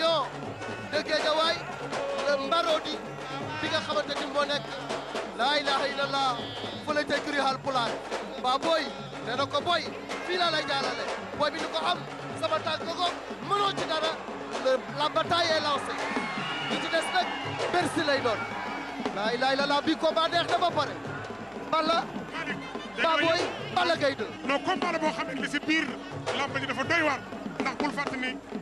lion de Guédiawaye le Marodi bi nga xamante ni moo nekk laa ilaha illallah fële ca kuri hal pulaar mbaa booy nee na ko booy fii laa lay jaalale booy bi ni ko am sama tànk ko mënoo ci dara la bataille est lancée li ci des nag doon laa ilaha illallah bi combat neex na ba pare bala mbaa booy bala gay dë non combat la boo xam ne si biir lamb ji dafa doy waar ndax bul fàtte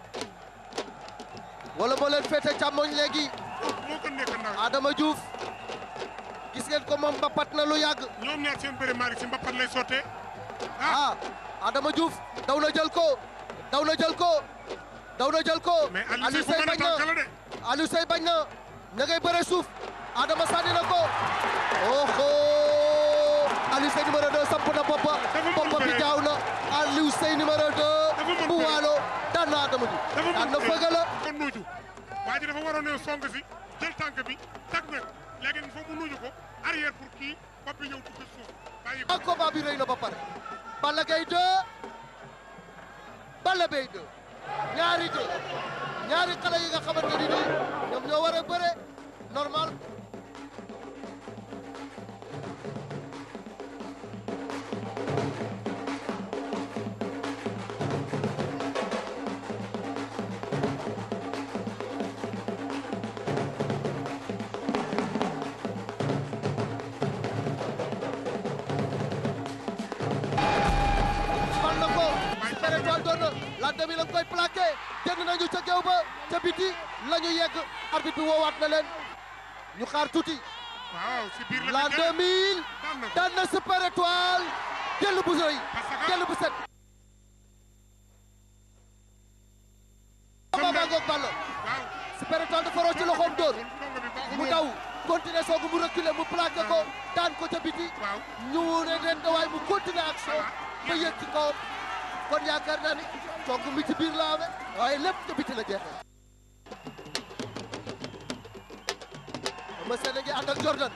wala moo leen féete càmmoñ léegi Adama Diouf gis ngeen ko moom mbapat na lu yàgg. ñoom ñaar seen bëri Malick si mbapat lay sottee. Ah. ah Adama Diouf daw na jël ko daw na jël ko daw na jël ko. Aliou Seye bañ na Aliou Seye bañ bëre suuf Adama sànni na ko oho Aliou Seye numéro 2 samp na boppam boppam bi jaaw na Aliou Seye numéro 2 bu waalo. daan na Adama Diouf. daan na fëgala kon nuuju waa ji dafa waroon a song si jël tànk bi teg na léegi il faut mu nuuju ko arrière pour kii bopp bi ñëw dugg suuf bàyyi ko. Ah, combat bi ba pare. Balla Gaye 2 Balla Gaye 2 ñaari 2 ñaari la demi lañ koy plaqué génn nañu ca géew ba ca biti la ñu yegg arbitre bi woowaat na leen ñu xaar tuuti. waaw si biir la demi na super étoile jël bu rëy jël bu set. waaw ngoog Ballo super étoile dafa mu daw continuer soogu mu reculer mu plaqué ko daan ko ca biti ñu ne ren waaye mu continuer action yëg ci kawam kon yaakaar naa ni. togg mi ci biir laabe waaye lépp ca biti la jeexee. Eumeu Sène a ngi ànd ak Jordan.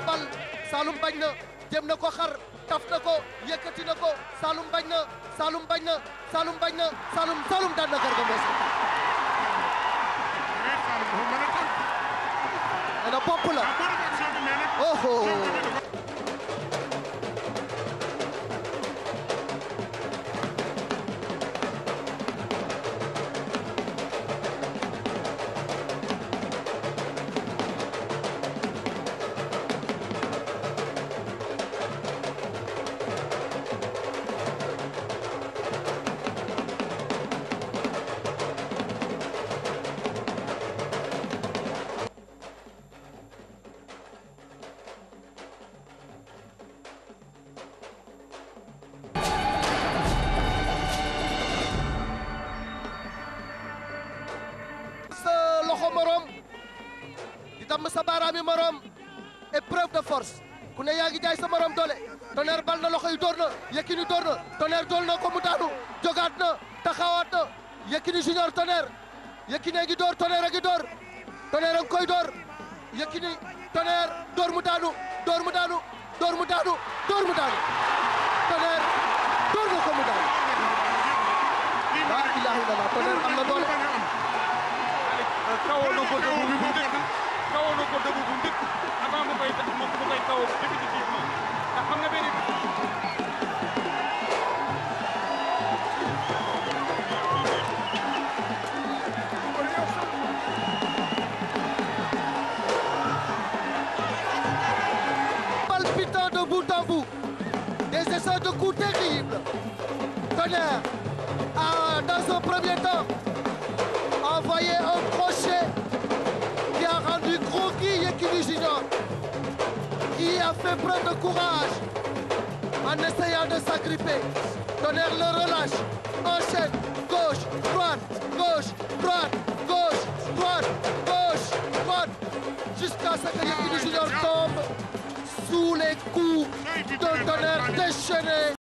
ko bal Saloum bañ na jëm na ko xar taf na ko yëkkati na ko Saloum bañ na Saloum bañ na Saloum bañ na Saloum Saloum daan na Garga Mbossé. ana bopp la. oh, oh, oh. damm sa baaraami morom épreuve de force ku ne yaa ngi jaay sa morom doole Tonnerre bal na loxo yi door na Yékini door na Tonnerre dool na ko mu daanu jogaat na taxawaat na Yékini junior Tonnerre Yékini a ngi door Tonnerre a ngi door Tonnerre a ngi koy door Yékini Tonnerre door mu daanu door mu daanu door mu daanu door mu na ko mu daanu laa ilaaha illallaah Tonnerre am na doole da bu bu njëkk avant mu koy mu koy taw de bout en bout. Des essais de coups terribles. Tonnerre, ah, dans son premier temps, de courage en essayant de s'agripper. Tonnerre le relâche. Enchaîne. Gauche, droite, gauche, droite, gauche, droite, gauche, droite. Jusqu'à ce que Yekini Junior tombe sous les coups de tonnerre déchaîné.